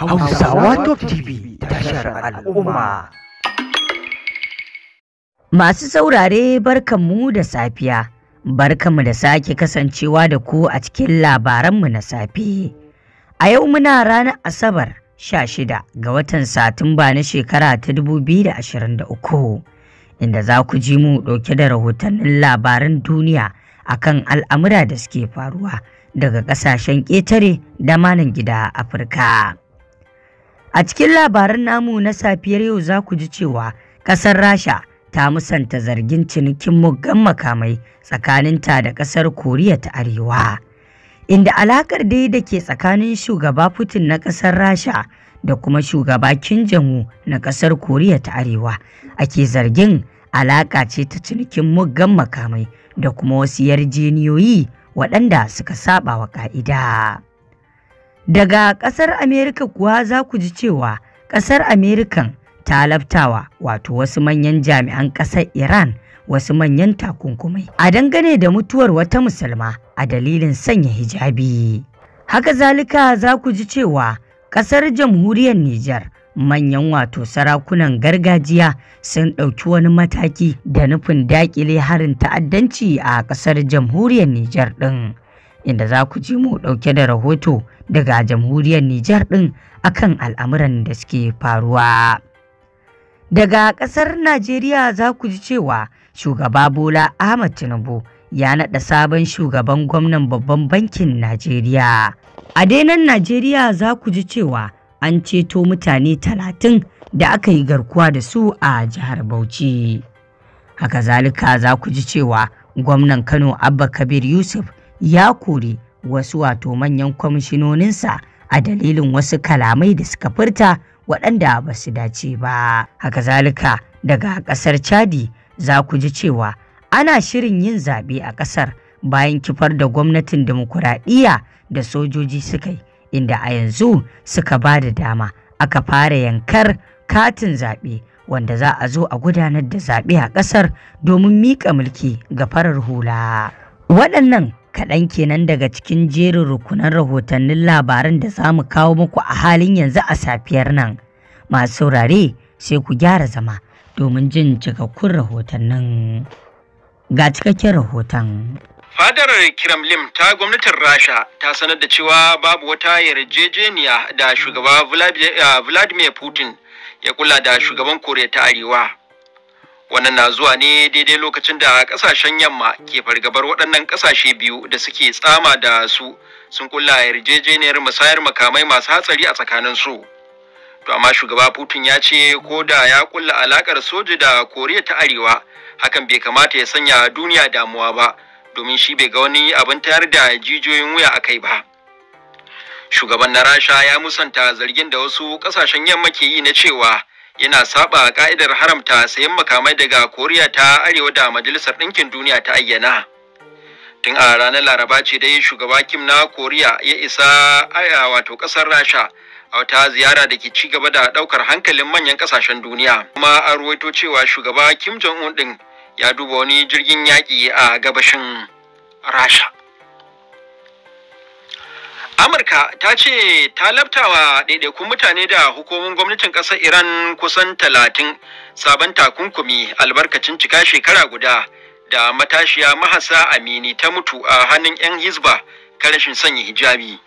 Hausawa Top TV tashar al'umma. Masu saurare barkanmu da safiya, barkanmu da sake kasancewa da ku a cikin labaran mu na safe. A yau muna ranar Asabar 16 ga watan Satumba na shekara ta 2023, inda za ku ji mu ɗauke da rahotannin labaran duniya akan al'amura da suke faruwa daga ƙasashen ƙetare da manan gida Afirka. A cikin labaran namu na safiyar yau za ku ji cewa ƙasar Rasha ta musanta zargin cinikin muggan makamai tsakaninta da ƙasar Koriya ta Arewa. Inda alakar dai da ke tsakanin shugaba Putin na ƙasar Rasha da kuma shugaba Kim jong na ƙasar Koriya ta Arewa ake zargin alaƙa ce ta cinikin muggan makamai da kuma wasu yarjeniyoyi waɗanda suka saba wa ƙa'ida. Daga ƙasar Amerika kuwa za ku ji cewa ƙasar Amerikan ta laftawa wato wasu manyan jami'an ƙasar Iran wasu manyan takunkumai a dangane da mutuwar wata musulma a dalilin sanya hijabi. Haka zalika za ku ji cewa ƙasar jamhuriyar Nijar manyan wato sarakunan gargajiya sun ɗauki wani mataki da nufin daƙile harin ta'addanci a ƙasar jamhuriyar Nijar ɗin. inda za ku ji mu ɗauke da rahoto daga jamhuriyar Nijar ɗin akan al'amuran da suke faruwa. Daga ƙasar Najeriya za ku ji cewa shugaba Bola Ahmad Tinubu ya naɗa sabon shugaban gwamnan babban bankin Najeriya. A denan Najeriya za ku ji cewa an ceto mutane talatin da aka yi garkuwa da su a jihar Bauchi. Haka zalika za ku ji cewa gwamnan Kano Abba Kabir Yusuf ya kori wasu wato manyan kwamishinoninsa a dalilin wasu kalamai da suka furta waɗanda ba su dace ba. Haka zalika daga ƙasar Chadi za ku ji cewa ana shirin yin zaɓe a ƙasar bayan kifar da gwamnatin demokuraɗiyya da sojoji suka yi inda a yanzu suka ba da dama aka fara yankar katin zaɓe wanda za a zo a gudanar da zaɓe a ƙasar domin miƙa mulki ga farar hula. Waɗannan kaɗan kenan daga cikin jerin rukunan rahotannin labaran da za mu kawo muku a halin yanzu a safiyar nan. Masu saurare sai ku gyara zama domin jin cikakkun rahotannin. Ga cikakken rahoton. Fadar Kremlin ta gwamnatin Rasha ta sanar da cewa babu wata yarjejeniya da shugaba Vladimir eh, Putin ya kula da shugaban Koriya ta Arewa. Wannan na zuwa ne daidai lokacin da ƙasashen yamma ke fargabar waɗannan ƙasashe biyu da suke tsama da su sun kulla yarjejeniyar musayar makamai masu hatsari a tsakanin su. To amma shugaba Putin ya ce ko da ya kulla alakar soja da Koriya ta Arewa hakan bai kamata ya sanya duniya damuwa ba domin shi bai ga wani abin tayar da jijiyoyin wuya a kai ba. Shugaban na Rasha ya musanta zargin da wasu ƙasashen yamma ke yi na cewa yana saba ka'idar haramta sayan makamai daga koriya ta arewa da majalisar ɗinkin duniya ta ayyana tun a ranar laraba ce dai shugaba kim na koriya ya isa aya wato ƙasar rasha a wata ziyara da ke ci gaba da ɗaukar hankalin manyan ƙasashen duniya kuma an ruwaito cewa shugaba kim jong un ɗin ya duba wani jirgin yaƙi a gabashin rasha Amurka ta ce ta labtawa ɗaiɗaikun mutane da hukumomin gwamnatin ƙasar Iran kusan talatin sabon takunkumi albarkacin cika shekara guda da matashiya mahasa amini ta mutu a hannun 'yan hizba karashin sanya hijabi.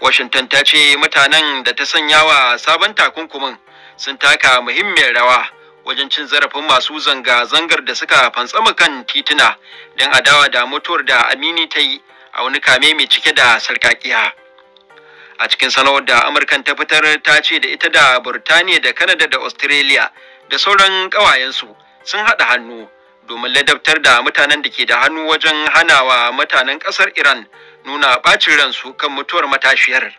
Washington ta ce mutanen da ta sanya wa sabon takunkumin sun taka muhimmiyar rawa wajen cin zarafin masu zanga-zangar da suka fantsama kan tituna don adawa da mutuwar da amini ta yi a wani kame mai cike da sarkakiya a cikin sanarwar da amurkan ta fitar ta ce da ita da burtaniya da Kanada da australia da sauran ƙawayensu sun haɗa hannu domin ladabtar da mutanen da ke da hannu wajen hana wa mutanen ƙasar iran nuna ɓacin ransu kan mutuwar matashiyar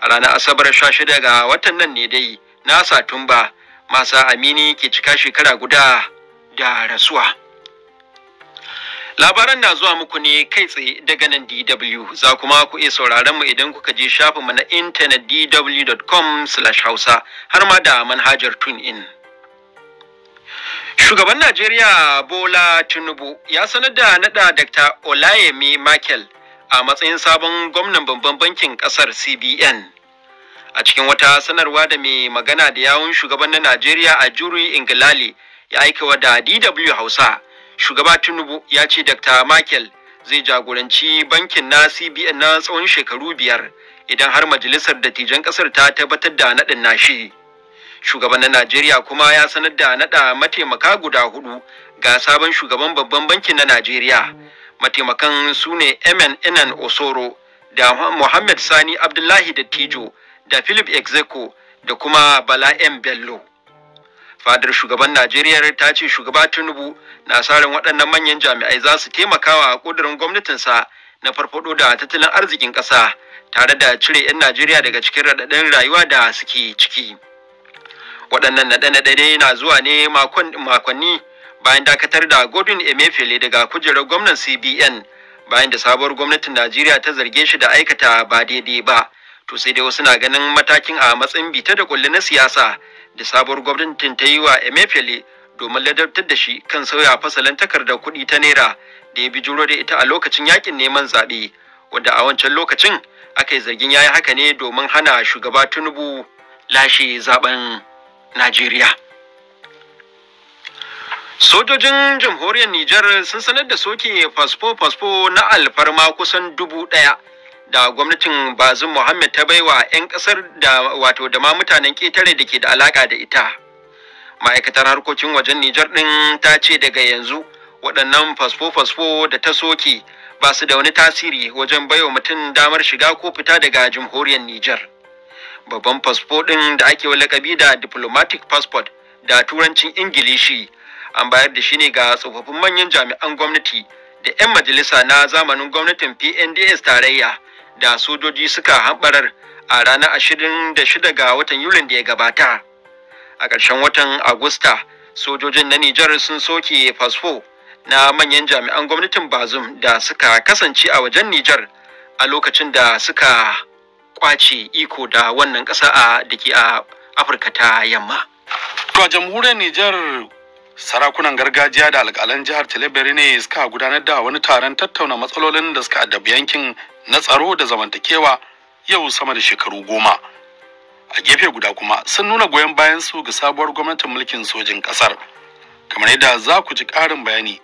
a ranar asabar 16 ga watan nan ne dai na satumba masa amini ke cika shekara guda da rasuwa Labaran na zuwa muku ne kai tsaye daga nan DW za kuma ku iya sauraron mu idan kuka je mu na intanet dw.com/hausa har ma da manhajar in. Shugaban Najeriya Bola Tinubu ya sanar da nada Dr. Olayemi Makel a matsayin sabon gwamnan babban bankin ƙasar CBN. A cikin wata sanarwa da mai magana da yawun shugaban na Najeriya a Juri Ingilali ya aikawa da DW Hausa. shugaba tinubu ya ce dr michael zai jagoranci bankin na cbn na tsawon shekaru biyar idan har majalisar dattijan kasar ta tabbatar da naɗin nashi shugaban najeriya kuma ya sanar da naɗa mataimaka guda hudu ga sabon shugaban babban bankin na najeriya mataimakan su ne emen inan osoro da Mohammed Sani Abdullahi Dattijo da Philip Ezeko da kuma Bala M. Bello. fadar shugaban najeriya ta ce shugaba tinubu na sarin waɗannan manyan jami'ai za su taimakawa a ƙudurin gwamnatinsa na farfaɗo da tattalin arzikin ƙasa tare da cire 'yan najeriya daga cikin raɗaɗin rayuwa da suke ciki waɗannan naɗe-naɗe na zuwa ne makonni bayan dakatar da godwin emefiele daga kujerar gwamnan cbn bayan da sabuwar gwamnatin najeriya ta zarge shi da aikata ba daidai ba to sai dai wasu na ganin matakin a matsayin bita da kulli na siyasa da sabuwar gwamnatin ta yi wa emefiele domin ladabtar da shi kan sauya fasalin takardar kuɗi ta naira da ya bijiro da ita a lokacin yakin neman zaɓe wanda a wancan lokacin aka yi zargin ya yi haka ne domin hana shugaba tinubu lashe zaben najeriya sojojin jamhuriyar niger sun sanar da soke fasfo-fasfo na alfarma kusan dubu ɗaya da gwamnatin Bazin Muhammad ta baiwa 'yan kasar da wato da ma mutanen ketare da ke da alaka da ita. Ma'aikatar harkokin wajen Nijar ɗin ta ce daga yanzu waɗannan fasfo-fasfo da ta soke ba su da wani tasiri wajen baiwa mutum damar shiga ko fita daga jamhuriyar Nijar. Babban fasfo ɗin da ake wa lakabi da diplomatic passport da turancin Ingilishi an bayar da shi ne ga tsofaffin manyan jami'an gwamnati da 'yan majalisa na zamanin gwamnatin PNDS tarayya. da sojoji suka hambarar a ranar ashirin da shida ga watan Yulin da ya gabata. A ƙarshen watan Agusta, sojojin na Nijar sun soke fasfo na manyan jami'an gwamnatin Bazum da suka kasance a wajen Nijar a lokacin da suka kwace iko da wannan ƙasa a da a Afirka ta yamma. To a jamhuriyar Nijar sarakunan gargajiya da alƙalan jihar tilibiri ne suka gudanar da wani taron tattauna matsalolin da suka addabi yankin na tsaro da zamantakewa yau sama da shekaru goma a gefe guda kuma sun nuna goyon bayan su ga sabuwar gwamnatin mulkin sojin kasar kamar yadda za ku ji ƙarin bayani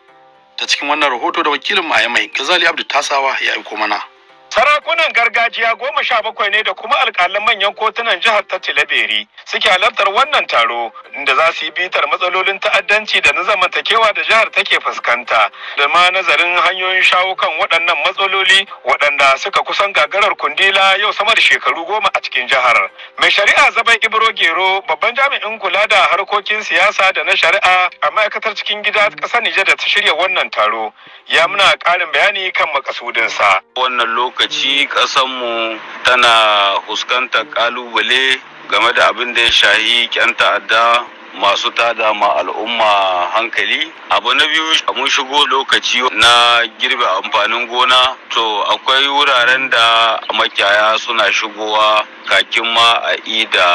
ta cikin wannan rahoto da wakilin mai mai gazali abdu tasawa ya aiko mana Sarakunan gargajiya goma sha bakwai ne da kuma alƙalin manyan kotunan jihar ta Tilaberi suke halartar wannan taro inda za su yi bitar matsalolin ta'addanci da na zamantakewa da jihar take fuskanta da ma nazarin hanyoyin shawo kan waɗannan matsaloli waɗanda suka kusan gagarar kundila yau sama da shekaru goma a cikin jihar. Mai shari'a Zabai Ibro Gero babban jami'in kula da harkokin siyasa da na shari'a a ma'aikatar cikin gida ƙasar Nijar da ta shirya wannan taro ya muna ƙarin bayani kan makasudinsa. Wannan lokaci ƙasanmu tana fuskantar ƙalubale game da abin da ya shahi 'yan ta'adda masu tada ma al'umma hankali abu na biyu mun shigo lokaci na girbe amfanin gona to akwai wuraren da makiyaya suna shigowa kakin ma a ida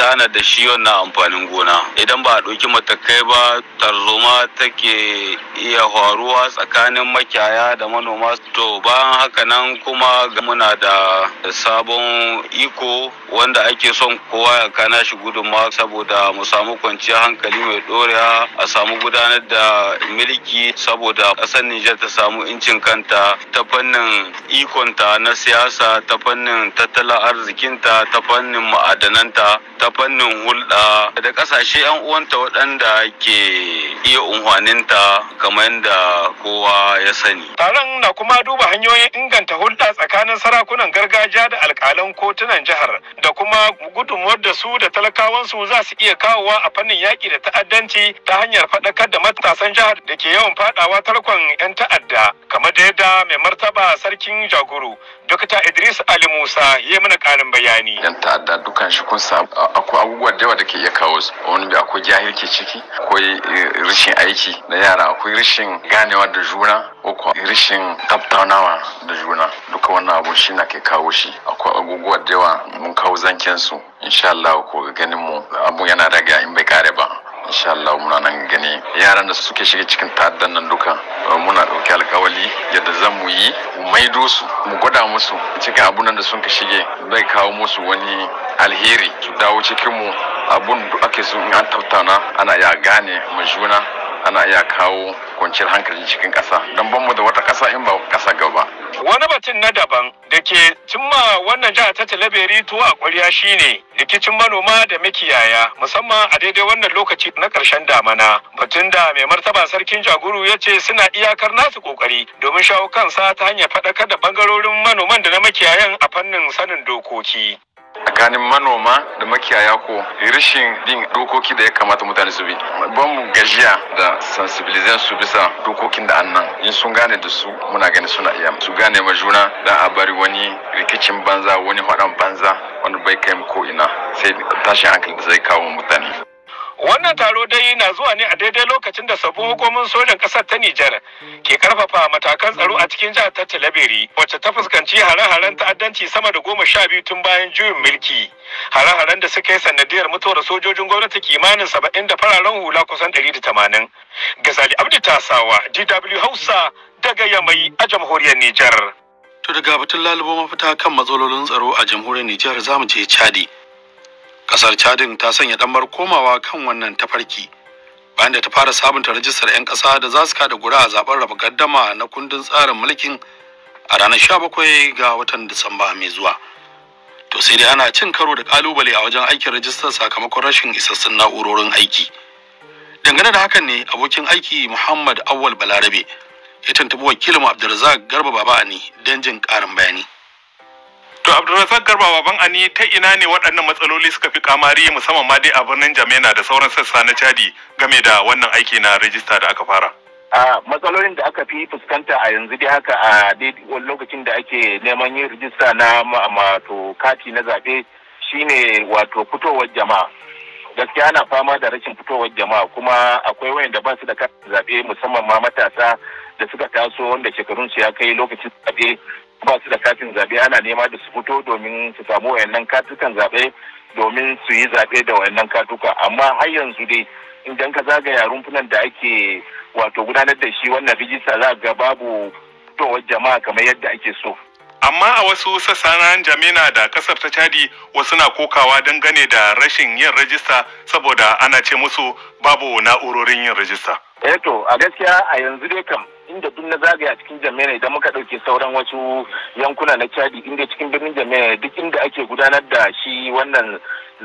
tana da shi wannan amfanin gona idan ba a ɗauki matakai ba tarzoma take iya faruwa tsakanin makiyaya da manoma to bayan haka nan kuma ga. muna da sabon iko wanda ake son kowa ya kana shi gudunma saboda mu samu kwanciyar hankali mai ɗorewa a samu gudanar da milki saboda ƙasar Nijar ta samu incin kanta ta fannin ikonta na siyasa ta fannin tattalin arzikin ta ta fannin ma'adananta ta fannin hulɗa da ƙasashe 'yan uwanta waɗanda ke iya unhwaninta kamar yadda kowa ya sani. Taron na kuma duba hanyoyin inganta hulɗa tsakanin sarakunan gargajiya da alƙalan kotunan jihar da kuma gudunmuwar da su da talakawansu za su iya kawowa a fannin yaƙi da ta'addanci ta hanyar faɗakar da matasan jihar da ke yawan faɗawa tarkon 'yan ta'adda kamar da yadda mai martaba sarkin jagoro Dokta Idris Ali Musa ya mana ƙarin bayani. bayani yan ta'adda dukan shi kun samu akwai abubuwa da yawa da ke iya kawo su wani bi akwai jahilci ciki akwai e, rashin aiki na yara akwai rashin ganewa da juna ko rashin tattaunawa da juna duka wannan abu shi na ke kawo shi akwai abubuwa da yawa mun kawo zanken su insha Allah ko ganin mu abun yana daga in bai kare ba insha Allah muna nan gani yaran da suke shiga cikin ta'addan nan duka eh, muna ɗauki alkawali yadda zan mu yi mu maido su mu gwada musu cikin abun da sun ka shige zai kawo musu wani alheri su dawo cikin mu abun da ake so in an tattauna ana iya gane mu juna ana iya kawo kwanciyar hankali cikin ƙasa don ban da wata ƙasa in ba ƙasa gaba. Wani batun na daban da ke cimma wannan jihar ta Talabiri tuwa a ƙwarya shine rikicin manoma da makiyaya musamman a daidai wannan lokaci na ƙarshen damana batun da mai martaba sarkin jaguru ya ce suna iyakar nasu ƙoƙari domin shawo kansa ta hanyar faɗakar da bangarorin manoman da na makiyayan a fannin sanin dokoki. tsakanin manoma da makiyaya ko rashin bin dokoki da ya kamata mutane su bi ban mu gajiya da sensibilizan su bisa dokokin da annan in sun gane da su muna gani suna iya su gane ma juna da a bari wani rikicin banza wani faɗan banza wani bai kai ko ina sai tashin hankali da zai kawo mutane Wannan taro dai na zuwa ne a daidai lokacin da sabbin hukumomin sojan ƙasar ta Nijar ke karfafa matakan tsaro a cikin jihar ta Talabiri wacce ta fuskanci hare-haren ta'addanci sama da goma sha biyu tun bayan juyin mulki. Hare-haren da suka yi sanadiyar mutuwar sojojin gwamnati kimanin saba'in da fararen hula kusan ɗari da tamanin. Gazali Abdi Tasawa, DW Hausa daga Yamai a jamhuriyar Nijar. To daga batun lalubo mafita kan matsalolin tsaro a jamhuriyar Nijar mu je Chadi. kasar chadin ta sanya damar komawa kan wannan tafarki bayan da ta fara sabunta rajistar 'yan ƙasa da za su kada gura a zaben raba gaddama na kundin tsarin mulkin a ranar 17 ga watan disamba mai zuwa to sai dai ana cin karo da kalubale a wajen aikin rajistar sakamakon rashin isassun na'urorin aiki dangane da hakan ne abokin aiki muhammad awwal balarabe ya tuntubi wakilin abdulrazak garba Baba ne don jin karin bayani To Abdulrazak Garba baban ani ta ina ne waɗannan matsaloli suka fi kamari musamman ma dai a birnin Jamena da sauran sassa na Chadi game da wannan aiki na rijista da aka fara. A matsalolin da aka fi fuskanta a yanzu dai haka a wani lokacin da ake neman yin rajista na wato kati na zaɓe shine wato fitowar jama'a. Gaskiya ana fama da rashin fitowar jama'a kuma akwai wayanda ba su da kati zaɓe musamman ma matasa da suka taso wanda su ya kai lokacin zaɓe ba su da katin zaɓe ana nema da su fito domin su samu wayannan katukan zaɓe domin su yi zaɓe da wayannan katuka amma har yanzu dai idan ka zagaya rumfunan da ake wato gudanar da shi wannan rijista za ga babu fitowar jama'a kamar yadda ake so. amma a wasu sassan jamina da kasar ta chadi wasu na kokawa dangane da rashin yin rajista saboda ana ce musu babu na'urorin yin rajista. eto eh a gaskiya a yanzu dai kam inda duk na zagaya cikin jami'a idan muka ɗauke sauran wasu yankuna na chadi inda cikin birnin jami'a duk inda ake gudanar da shi wannan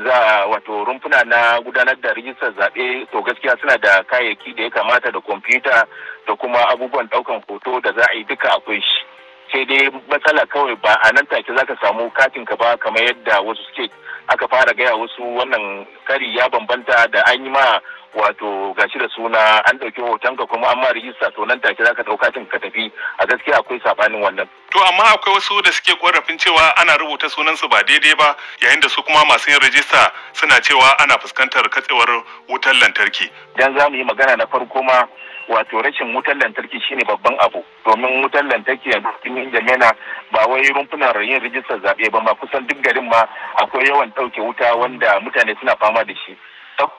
za wato rumfuna na gudanar da rijistar zaɓe to gaskiya suna da kayayyaki da ya kamata da kwamfuta da kuma abubuwan ɗaukan hoto da za a yi duka akwai shi sai dai matsala kawai ba a nan take zaka samu katin ka ba kamar yadda wasu suke aka fara gaya wasu wannan kari ya bambanta da an yi ma wato gashi da suna an ɗauki hoton ka kuma an ma rijista to nan take za ka ɗauka cin ka tafi a gaskiya akwai sabanin wannan. To amma akwai wasu da suke korafin cewa ana rubuta sunansu ba daidai ba yayin da su kuma masu yin rijista suna cewa ana fuskantar katsewar wutar lantarki. Dan zamu yi magana na farko ma wato rashin wutar lantarki shine babban abu domin wutar lantarki yanzu cikin jamena ba wai rumfunan yin rijistar zaɓe ba ma kusan duk garin ma akwai yawan ɗauke wuta wanda mutane suna fama gama da shi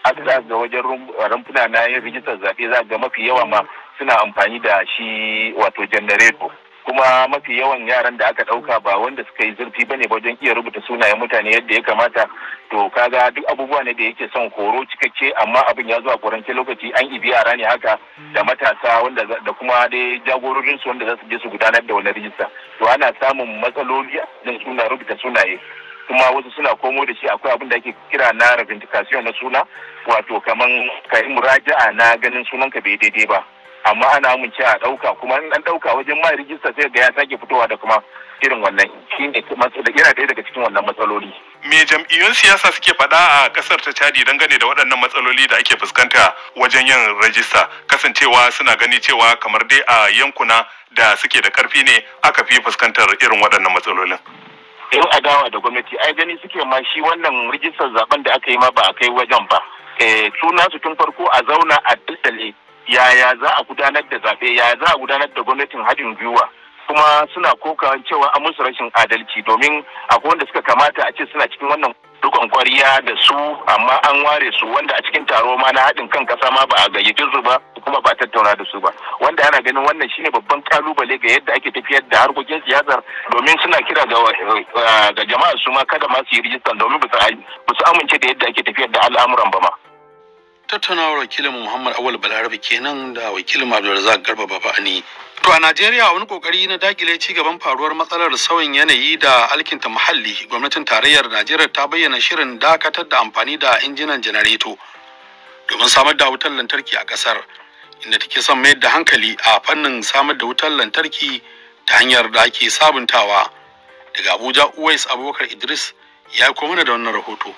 za ga wajen rumfuna na yin rijistar zaɓe za ga mafi yawa ma suna amfani da shi wato janareto kuma mafi yawan yaran da aka ɗauka ba wanda suka yi zurfi ba bane wajen iya rubuta sunayen mutane yadda ya kamata to kaga duk abubuwa ne da yake son horo cikakke amma abin ya zuwa a ƙorance lokaci an ibi yara ne haka da matasa wanda da kuma dai su wanda za su je su gudanar da wani rijista to ana samun matsaloli da suna rubuta sunaye kuma wasu suna komo da shi akwai abin da ake kira na revendication na suna wato kaman ka yi muraja'a na ganin sunan ka bai daidai ba amma ana amince a ɗauka kuma in an ɗauka wajen ma rijista sai ga ya sake fitowa da kuma irin wannan shi ne yana ɗaya daga cikin wannan matsaloli. Me jam'iyyun siyasa suke faɗa a kasar ta Chadi dangane da waɗannan matsaloli da ake fuskanta wajen yin rajista kasancewa suna gani cewa kamar dai a yankuna da suke da ƙarfi ne aka fi fuskantar irin waɗannan matsalolin. yan adawa da gwamnati ai gani suke ma shi wannan rijistar zaben da aka yi ma ba a kai wajen ba suna eh, su tun farko a zauna a daddale yaya za a gudanar da zaɓe yaya za a gudanar da gwamnatin hadin gwiwa kuma suna kokawa cewa an musu rashin adalci domin akwai wanda suka kamata a ce suna cikin wannan rikon kwariya da su amma an ware su wanda a cikin taro ma na haɗin kan ƙasa ma ba a gayyaci su ba kuma ba tattauna da su ba wanda ana ganin wannan shine babban kalubale ga yadda ake tafiyar da harkokin siyasar domin suna kira ga eh, jama'a su ma kada ma su yi rijistan domin ba su amince da yadda ake tafiyar da al'amuran ba ma. tattaunawar wakilin Muhammad Awal Balarabe kenan da wakilin Abdulrazak Garba ani. To a Najeriya wani kokari na dakile ci gaban faruwar matsalar sauyin yanayi da alkinta muhalli, gwamnatin tarayyar Najeriya ta bayyana shirin dakatar da amfani da injinan janareto domin samar da wutar lantarki a kasar, inda take son mayar da hankali a fannin samar da wutar lantarki ta hanyar da ake sabuntawa. Daga Abuja Uwais Abubakar Idris ya koma da wannan rahoto.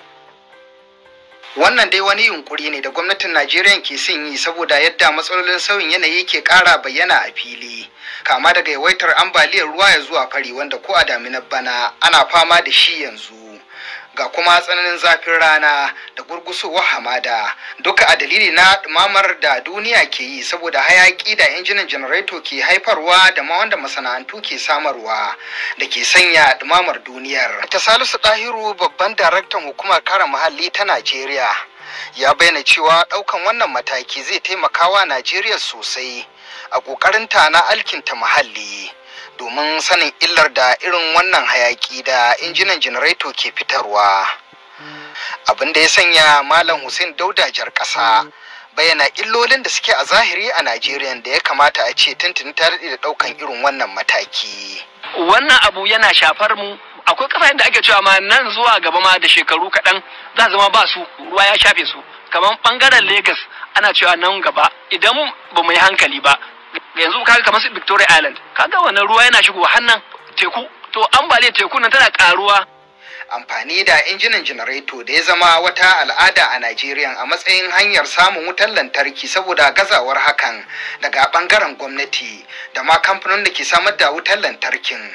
wannan dai wani yunkuri ne da gwamnatin najeriya ke son yi saboda yadda matsalolin sauyin yanayi ke ƙara bayyana a fili kama daga yawaitar ambaliyar ruwa ya zuwa fari wanda ko a daminar bana ana fama da shi yanzu ga kuma tsananin zafin rana da gurgusowar hamada duka a dalili na dumamar da duniya ke yi saboda hayaki da injinin janareto ke haifarwa da ma wanda masana'antu ke samarwa da ke sanya dumamar duniyar ta salisu ɗahiru babban daraktan hukumar kare muhalli ta najeriya ya bayyana cewa ɗaukan wannan mataki zai taimakawa najeriya sosai a ta na alkinta muhalli domin sanin illar da irin wannan hayaki da injinan janareto ke fitarwa abin da ya sanya malam hussein Daudajar jar ƙasa bayyana illolin da suke a zahiri a najeriya da ya kamata a ce tuntuni ta da ɗaukan irin wannan mataki wannan abu yana shafar mu akwai kasashen da ake cewa ma nan zuwa gaba ma da shekaru kaɗan za zama ba su ruwa ya shafe su kamar ɓangaren Legas ana cewa nan gaba idan ba mu yi hankali ba yanzu kaga kamar su Victoria Island kaga wannan ruwa yana shigowa hannan teku to ambaliyar teku nan tana karuwa amfani da injinan janareto da ya zama wata al'ada a Najeriya a matsayin hanyar samun wutar lantarki saboda gazawar hakan daga bangaren gwamnati da ma kamfanin da ke samar da wutar lantarkin.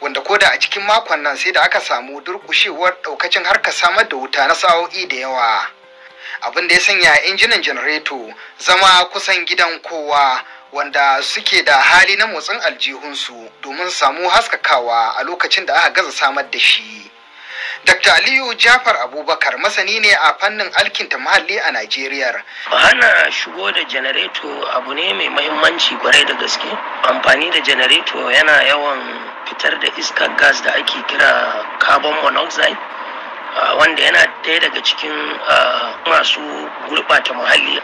Wanda koda a cikin makon nan sai da aka samu durkushewar daukacin harkar samar da wuta na sa'o'i da yawa. Abin da ya sanya injinan janareto zama kusan gidan kowa wanda suke da hali na motsin aljihunsu domin samu haskakawa a lokacin da aka gaza samar da shi. Dr. Aliyu Jafar Abubakar masani ne a fannin alkinta muhalli a Najeriya. Hana shigo da janareto abu ne mai mahimmanci kwarai da gaske. Amfani da janareto yana yawan fitar da iskar gas da ake kira carbon monoxide. Ah, wanda yana ɗaya daga cikin ah, masu gurɓata muhalli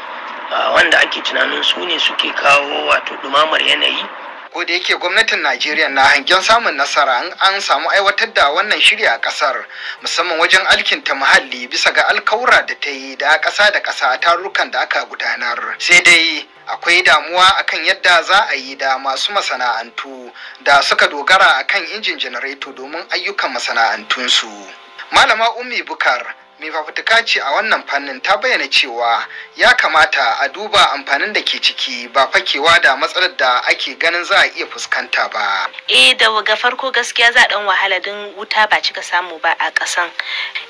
wanda ake tunanin su ne suke kawo wato dumamar yanayi ko da yake gwamnatin najeriya na hangen samun nasara an samu aiwatar da wannan shirya a kasar musamman wajen alkinta muhalli bisa ga alkaura da ta yi da ƙasa da ƙasa a tarurkan da aka gudanar sai dai akwai damuwa akan yadda za a yi da masu masana'antu da suka dogara akan injin janareto domin ayyukan masana'antunsu malama ummi bukar mai fafutuka ce a wannan fannin ta bayyana cewa ya kamata a duba amfanin da ke ciki ba fakewa da matsalar da ake ganin za a iya fuskanta ba eh da ga farko gaskiya za dan wahala din wuta ba cika samu ba a kasan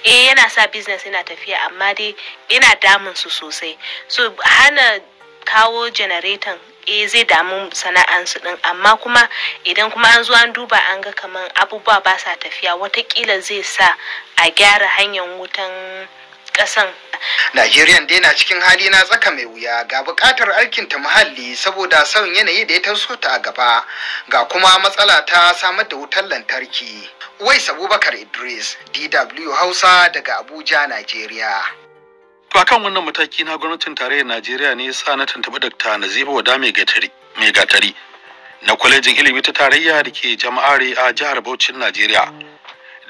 eh yana sa business yana tafiya amma dai yana damun su sosai so hana kawo janaretan eh zai damu sana'ansu din amma kuma idan kuma an zo an duba an ga kaman abubuwa ba sa tafiya watakila zai sa a gyara hanyar wutan kasan. Najeriya dai na cikin hali na tsaka mai wuya ga buƙatar ta muhalli saboda sauyin yanayi da ya taso ta a gaba ga kuma matsala ta samar da wutar lantarki. Wai Sabubakar Idris, DW Hausa daga Abuja, Najeriya. To akan wannan mataki na gwamnatin tarayyar Najeriya ne sa na tantaba Dr. Nazifa Wada mai gatari, mai gatari na kwalejin ilimi ta tarayya da ke jama'are a jihar Bauchin Najeriya.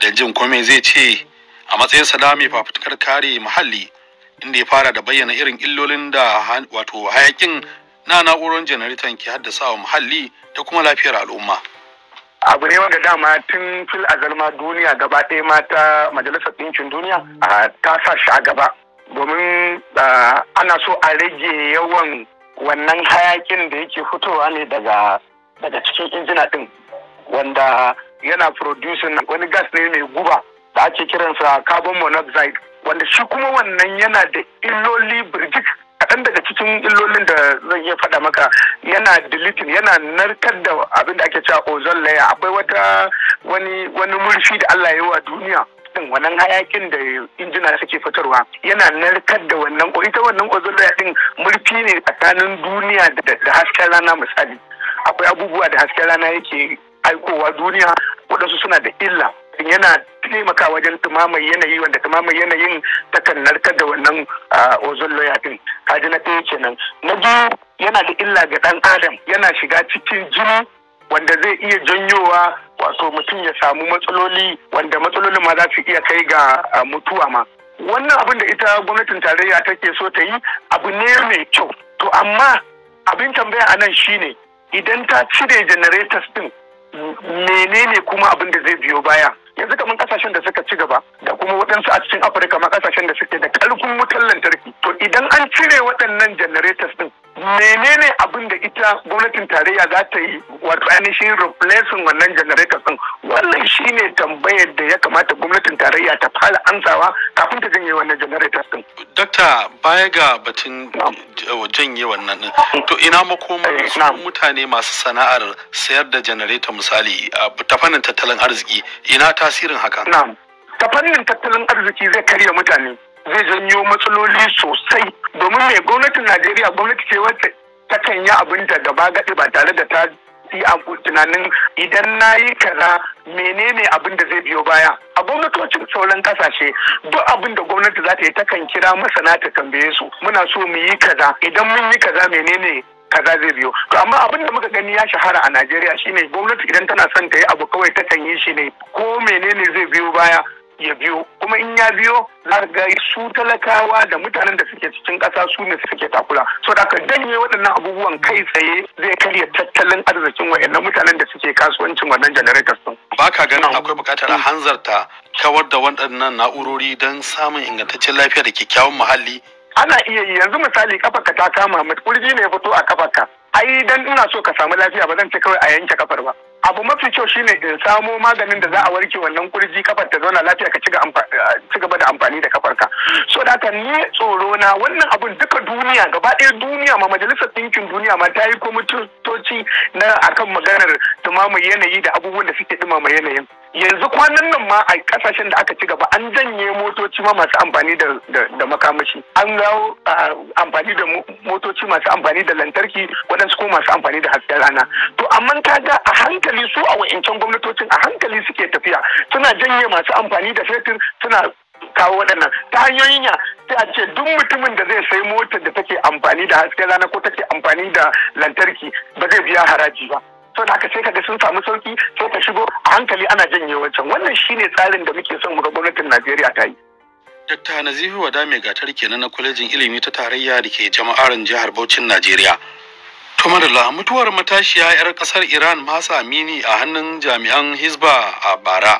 Don jin kome zai ce a matsayin sada mai fafutukar kare muhalli inda ya fara da bayyana irin illolin da wato hayakin na na'urar janaritan ke haddasawa muhalli da kuma lafiyar al'umma. abu ne wanda dama tun fil azalma duniya gaba ɗaya mata majalisar ɗinkin duniya ta sa shi a gaba domin ana so a rage yawan wannan hayakin da yake fitowa ne daga daga cikin injina ɗin wanda yana producing wani gas ne mai guba da ake kiransa carbon monoxide wanda shi kuma wannan yana da illoli birjik kaɗan daga cikin illolin da zan iya faɗa maka yana deleting yana narkar da abin da ake cewa ozone layer akwai wata wani wani murfi da Allah ya yi wa duniya din wannan hayakin da injina suke fitarwa yana narkar da wannan ita wannan ozone din mulki ne tsakanin duniya da hasken rana misali akwai abubuwa da hasken rana yake aikowa duniya waɗansu suna da illa yana taimaka wajen tumamin yanayi wanda tumamin yanayin takan narkar da wannan ozon layer din kaji na ɗaya kenan na biyu yana da illa ga ɗan adam yana shiga cikin jini wanda zai iya janyowa wato mutum ya samu matsaloli wanda matsalolin ma za su iya kai ga mutuwa ma wannan abin da ita gwamnatin tarayya take so ta yi abu ne mai kyau to amma abin tambaya a nan shine idan ta cire generators din menene kuma abin da zai biyo baya yanzu kamar kasashen da suka ci gaba da kuma waɗansu a cikin afirka ma kasashen da suke da ƙarfin wutar lantarki to idan an cire waɗannan generators din menene abin da ita gwamnatin tarayya za ta yi wato ainihin replacing wannan generator din wannan shine tambayar da ya kamata gwamnatin tarayya ta fara amsawa kafin ta janye wannan generator din dokta baya ga batun janye wannan din to ina makoma eh, mutane masu sana'ar sayar da generator misali ta fannin tattalin arziki ina tasirin haka ta fannin tattalin arziki zai karya mutane zai janyo matsaloli sosai domin mai gwamnatin najeriya gwamnati ce wacce takan yi abin da gaba gaɗi ba tare da ta yi tunanin idan na yi kaza menene abin da zai biyo baya a gwamnatocin sauran kasashe duk abin da gwamnati za ta yi takan kira masana ta tambaye su muna so mu yi kaza idan mun yi kaza menene kaza zai biyo to amma abin da muka gani ya shahara a Najeriya shine gwamnati idan tana son ta yi abu kawai ta kan yi shi ne ko menene zai biyo baya ya biyo kuma in ya biyo za ga su talakawa da mutanen da suke cikin ƙasa su ne suke takula, so da ka janye waɗannan abubuwan kai tsaye zai karya tattalin arzikin waɗannan mutanen da suke kasuwancin wannan generators din baka ka ganin akwai buƙatar hanzarta kawar da waɗannan na'urori don samun ingantaccen lafiya da kyakkyawan muhalli ana iya yi yanzu misali kafarka ta kama kurji ne ya fito a kafarka ai dan ina so ka samu lafiya ba zan ce kawai a yanke kafar ba abu mafi kyau shine in samo maganin da za a warke wannan kurji kafar ta zauna lafiya ka ci gaba da amfani da kafar ka so da ta ni tsoro na wannan abun duka duniya gaba ɗaya duniya ma majalisar ɗinkin duniya ma ta yi toci na akan maganar tumamin yanayi da abubuwan da suke dumama yanayin yanzu kwanan nan ma a kasashen da aka ci gaba an janye motoci ma masu amfani da makamashi an gawo amfani da motoci masu amfani da lantarki waɗansu ko masu amfani da hasken rana to amma ka ga a hankali su a wa'incan gwamnatocin a hankali suke tafiya suna janye masu amfani da fetur suna kawo waɗannan ta hanyoyin ya sai a ce duk mutumin da zai sai motar da take amfani da hasken rana ko take amfani da lantarki ba zai biya haraji ba to da haka sai kaga sun samu sauki sai ka shigo a hankali ana janye wancan wannan shine tsarin da muke son mu ga gwamnatin Najeriya ta yi Dokta Nazifi Wada mai gatar kenan na kwalejin ilimi ta tarayya da ke jama'arin jihar Bauchin Najeriya. madalla mutuwar matashiya 'yar kasar Iran Masa Amini a hannun jami'an Hizba a bara.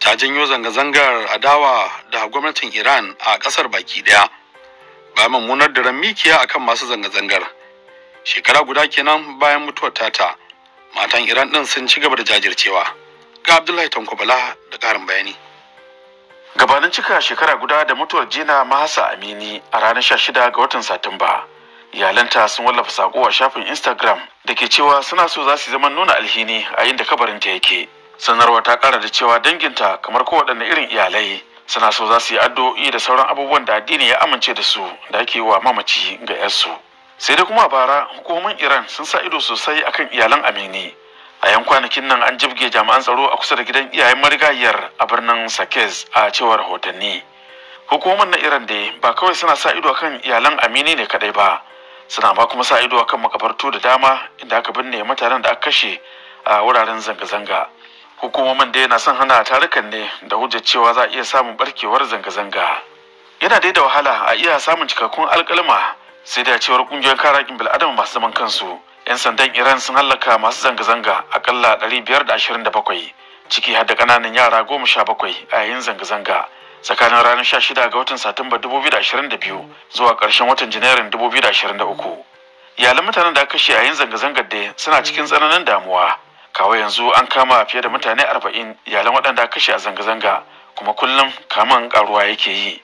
Ta janyo zanga-zangar adawa da gwamnatin Iran a kasar baki daya. Ba mummunar da ran mikiya akan masu zanga-zangar. shekara guda kenan bayan mutuwar tata matan iran din sun ci gaba da jajircewa ga abdullahi tankobala da karin bayani gabanin cika shekara guda da mutuwar jina mahasa amini a ranar sha shida ga watan satumba iyalanta sun wallafa sako a shafin instagram da ke cewa suna so za su zama nuna alhini a yin da kabarinta yake sanarwa ta kara da cewa danginta kamar kowaɗanne irin iyalai suna so za su yi addu'o'i da sauran abubuwan da addini ya amince da su da ake yi wa mamaci ga 'yarsu sai dai kuma bara hukumomin iran sun sa ido sosai akan iyalan amini a yan kwanakin nan an jibge jami'an tsaro a kusa da gidan iyayen marigayiyar a birnin sakez a cewar rahotanni Hukumomin na iran dai ba kawai suna sa ido akan iyalan amini ne kadai ba suna ba kuma sa ido akan makabartu da dama inda aka binne mutanen da aka kashe a wuraren zanga-zanga hukumomin dai na son hana tarukan ne da hujjar cewa za a iya samun barkewar zanga-zanga yana dai da wahala a iya samun cikakkun alkalma sai da cewar kungiyar kare haƙƙin bil'adama masu zaman kansu 'yan sandan iran sun hallaka masu zanga-zanga akalla 527 ciki har da ƙananan yara 17 a yayin zanga-zanga tsakanin ranar 16 ga watan satumba 2022 zuwa karshen watan janairun 2023 iyalan mutanen da aka kashe yayin zanga-zangar da suna cikin tsananin damuwa kawai yanzu an kama fiye da mutane arba'in iyalan waɗanda aka kashe a zanga-zanga kuma kullum kaman karuwa yake yi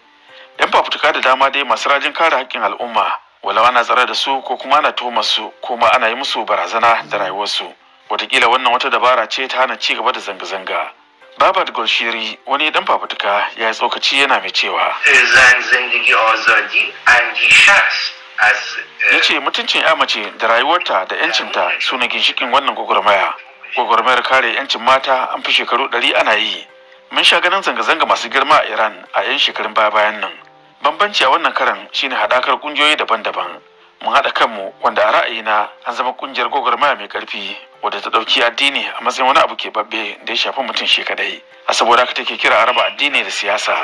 'yan fafutuka da dama dai masu rajin kare haƙƙin al'umma walau ana tsare da su ko kuma ana toma su ko ana yi musu barazana da rayuwarsu watakila wannan wata dabara ce ta hana ci gaba da zanga-zanga babat golshiri wani dan fafutuka ya yi tsokaci yana mai cewa eh, ya ce mutuncin ya mace da rayuwarta da yancinta su na ginshikin wannan gwagwarmaya gwagwarmayar kare yancin mata an fi shekaru ɗari ana yi mun sha ganin zanga-zanga masu girma a iran a 'yan shekarun baya-bayan nan bambanci a wannan karan shine haɗakar ƙungiyoyi daban-daban mun haɗa kanmu wanda a ra'ayina an zama ƙungiyar gwagwarmaya mai ƙarfi wadda ta ɗauki addini a matsayin wani abu ke babbe da ya shafi mutum shi kadai a saboda haka take kira araba addini da siyasa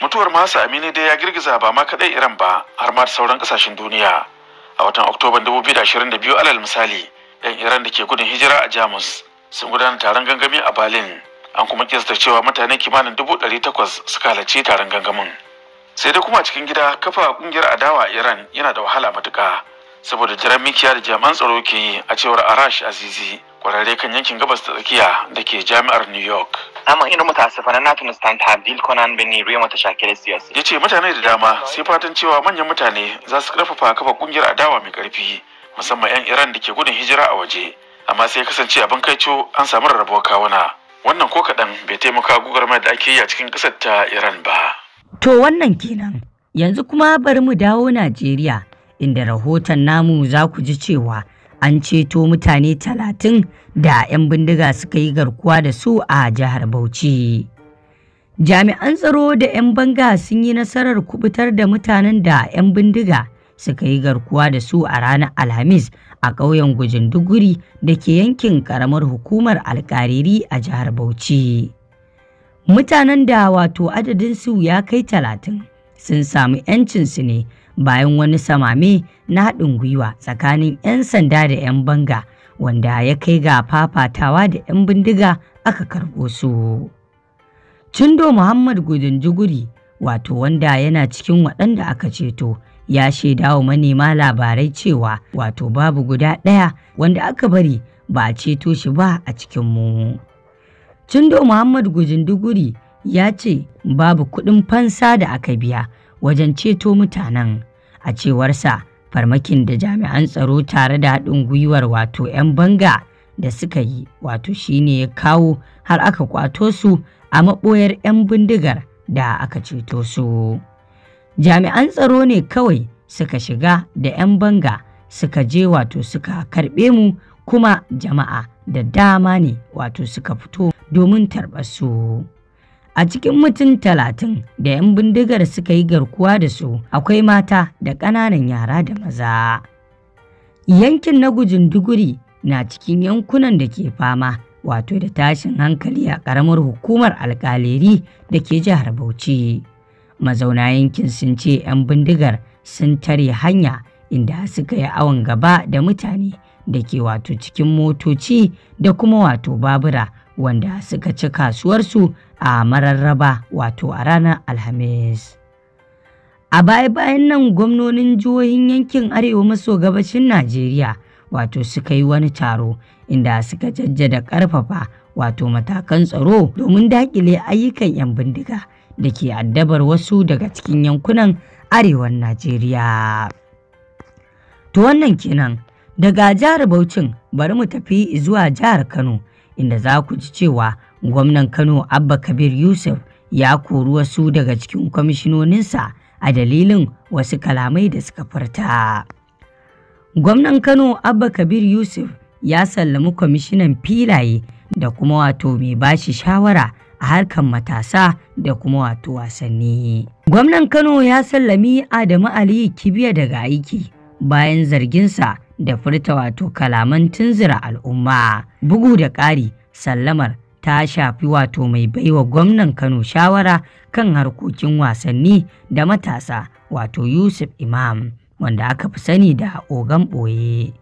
mutuwar masa amini dai ya girgiza ba ma kadai iran ba har ma da sauran kasashen duniya a watan oktoban 2022 alal misali yan iran da ke gudun hijira a jamus sun gudana taron gangami a berlin an kuma kiyasta cewa mutane kimanin dubu ɗari takwas suka halarci taron gangamin sai dai kuma cikin gida kafa kungiyar adawa a iran yana da wahala matuka saboda jiran mikiya da jami'an tsaro ke yi a cewar arash azizi kwararre kan yankin gabas ta tsakiya da ke jami'ar new york amma ina mutasifana na tunistan tabdil konan bin niriya matashakil siyasa. ya ce mutane da dama sai fatan cewa manyan mutane za su karfafa kafa ƙungiyar adawa mai karfi musamman 'yan iran da ke gudun hijira a waje amma sai kasance abin kaico an samu rarrabuwar kawuna wannan ko kaɗan bai taimaka gugarmar da ake yi a cikin ƙasar ta iran ba to wannan kenan yanzu kuma bari mu dawo najeriya inda rahoton namu za ku ji cewa an ceto mutane talatin da 'yan bindiga suka yi garkuwa da su a jihar bauchi jami'an tsaro da 'yan banga sun yi nasarar kubutar da mutanen da 'yan bindiga suka yi garkuwa da su a ranar alhamis a ƙauyen Gujinduguri da ke yankin ƙaramar hukumar alƙariri a jihar Bauchi. Mutanen da wato adadin su ya kai talatin sun samu su ne bayan wani samame na haɗin gwiwa tsakanin 'yan sanda da 'yan banga wanda ya kai ga fafatawa da 'yan bindiga aka karɓo su. Cindo Muhammad Gudunjuguri wato wanda yana cikin waɗanda aka ceto ya shaida wa manema labarai cewa wato babu guda ɗaya wanda aka bari ba a ceto shi ba a cikin mu. Cindo Muhammad Gujinduguri ya ce babu kuɗin fansa da aka biya wajen ceto mutanen a cewarsa farmakin da jami'an tsaro tare da haɗin gwiwar wato 'yan banga da suka yi wato shine ya kawo har aka kwato su a maɓoyar 'yan bindigar da aka ceto su. jami'an tsaro ne kawai suka shiga da 'yan banga suka je wato suka karbe mu kuma jama'a da dama ne wato suka fito domin tarbar su. A cikin mutum talatin da 'yan bindigar suka yi garkuwa da su akwai mata da ƙananan yara da maza. Yankin na gujin duguri na cikin yankunan da ke fama wato da tashin hankali a ƙaramar hukumar alƙaleri da ke jihar Bauchi. mazauna yankin sun ce 'yan bindigar sun tare hanya inda suka yi awon gaba da mutane da ke wato cikin motoci da kuma wato babura wanda suka ci kasuwarsu a mararraba wato a ranar alhamis a baya bayan nan gwamnonin jihohin yankin arewa maso gabashin najeriya wato suka yi wani taro inda suka jajjada karfafa wato matakan tsaro domin dakile ayyukan 'yan bindiga da ke addabar wasu daga cikin yankunan arewan Najeriya. To wannan kenan daga jihar Bauchin bari mu tafi zuwa jihar Kano inda za ku ji cewa gwamnan Kano Abba Kabir Yusuf ya kori wasu daga cikin kwamishinoninsa a dalilin wasu kalamai da suka furta. Gwamnan Kano Abba Kabir Yusuf ya sallami kwamishinan filaye da kuma wato mai bashi shawara a harkar matasa da kuma wato wasanni. Gwamnan Kano ya sallami Adamu Ali Kibiya daga aiki bayan zarginsa da furta wato kalaman tunzura al'umma. Bugu da ƙari, sallamar ta shafi wato mai baiwa gwamnan Kano shawara kan harkokin wasanni da matasa wato Yusuf Imam wanda aka fi sani da Ogan Ɓoye.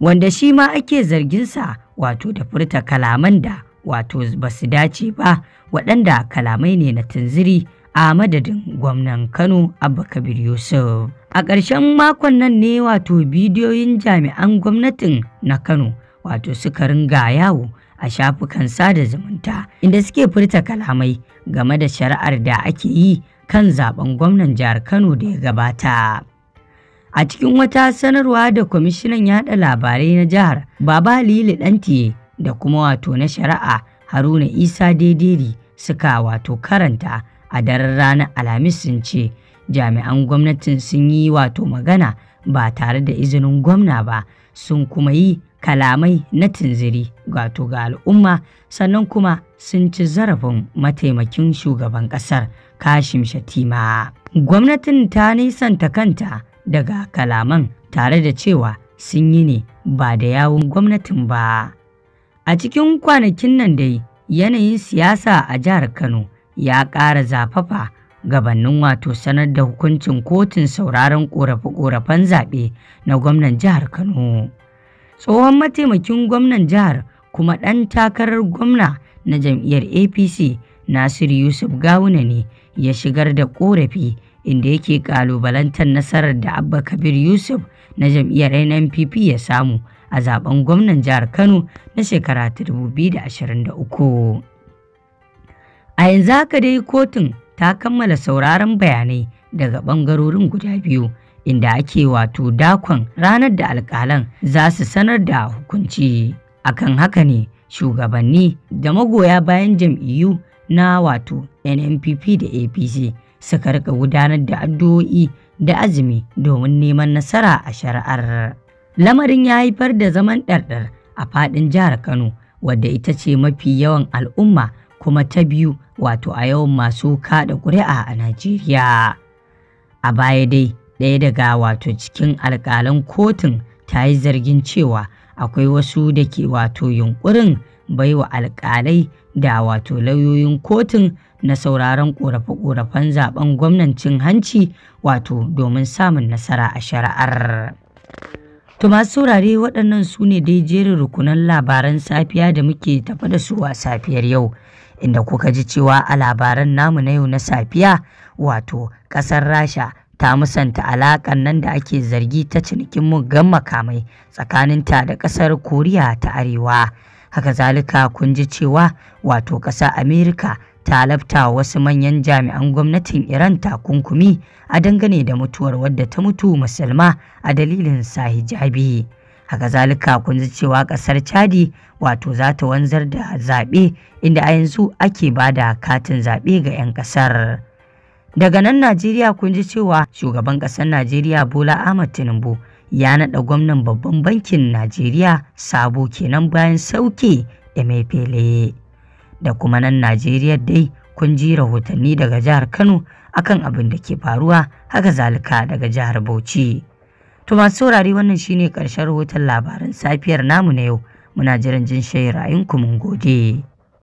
Wanda shi ma ake zarginsa wato da furta kalaman da wato ba su dace ba waɗanda kalamai ne na tunziri a madadin gwamnan Kano Abba Kabir Yusuf. A ƙarshen makon nan ne wato bidiyoyin jami'an gwamnatin na Kano wato suka ringa yawo a shafukan sada zumunta inda suke furta kalamai game da shari'ar da ake yi kan zaben gwamnan jihar Kano da ya gabata. A cikin wata sanarwa da kwamishinan yada labarai na jihar Baba Lili Dantiye da kuma wato na shari'a Haruna Isa Dederi suka wato karanta a daren ranar Alhamis sun ce jami'an gwamnatin sun yi wato magana ba tare da izinin gwamna ba sun kuma yi kalamai na tunziri wato ga al'umma sannan kuma sun ci zarafin mataimakin shugaban kasar Kashim Shatima. Gwamnatin ta nisanta kanta daga kalaman tare da cewa sun yi ne ba da yawun gwamnatin ba. A cikin kwanakin nan dai yanayin siyasa a jihar Kano ya ƙara zafafa gabanin wato sanar da hukuncin kotun sauraron ƙorafe-ƙorafen zaɓe na gwamnan jihar Kano. Tsohon mataimakin gwamnan jihar kuma ɗan takarar gwamna na jam'iyyar APC Nasiru Yusuf Gawuna ne ya shigar da ƙorafi inda yake ƙalubalantar nasarar da Abba Kabir Yusuf na jam'iyyar NNPP ya samu a zaben gwamnan jihar Kano na shekara ta 2023. A yanzu haka dai kotun ta kammala sauraron bayanai daga bangarorin guda biyu inda ake wato dakon ranar da alƙalan za su sanar da hukunci. Akan haka ne shugabanni da magoya bayan jam'iyyu na wato NNPP da APC suka rika gudanar da addu'o'i da azumi domin neman nasara a shari'ar. Lamarin ya haifar da zaman ɗarɗar a faɗin jihar Kano, wadda ita ce mafi yawan al'umma kuma ta biyu wato a yawan masu kaɗa ƙuri'a a Najeriya. A baya dai, ɗaya daga wato cikin alƙalan kotun ta yi zargin cewa akwai wasu da ke wato yunƙurin baiwa alƙalai da wato lauyoyin kotun na sauraron ƙorafe-ƙorafen zaben gwamnancin hanci wato domin samun nasara a shari'ar. To masu saurare waɗannan su ne dai jerin rukunan labaran safiya da muke tafa da su a safiyar yau, inda kuka ji cewa a labaran namu na yau na safiya wato ƙasar Rasha ta musanta alaƙan nan da ake zargi ta cinikin muggan makamai tsakaninta da ƙasar Koriya ta Arewa. Haka zalika kun ji cewa wato ƙasar Amerika ta lafta wasu manyan jami'an gwamnatin Iran takunkumi a dangane da mutuwar wadda ta mutu musulma a dalilin sa hijabi. Haka zalika kun ji cewa ƙasar Chadi wato za ta wanzar da zaɓe inda a yanzu ake ba da katin zaɓe ga 'yan ƙasar. Daga nan Najeriya kun ji cewa shugaban ƙasar Najeriya Bola Ahmad Tinubu ya naɗa gwamnan babban bankin Najeriya sabo kenan bayan sauke da mai fele. da kuma nan Najeriya dai kun ji rahotanni daga jihar Kano akan abin da ke faruwa haka zalika daga jihar Bauchi. To masu saurari wannan shine ƙarshen rahoton labaran safiyar namu na yau muna jiran jin shayi ra'ayinku mun gode.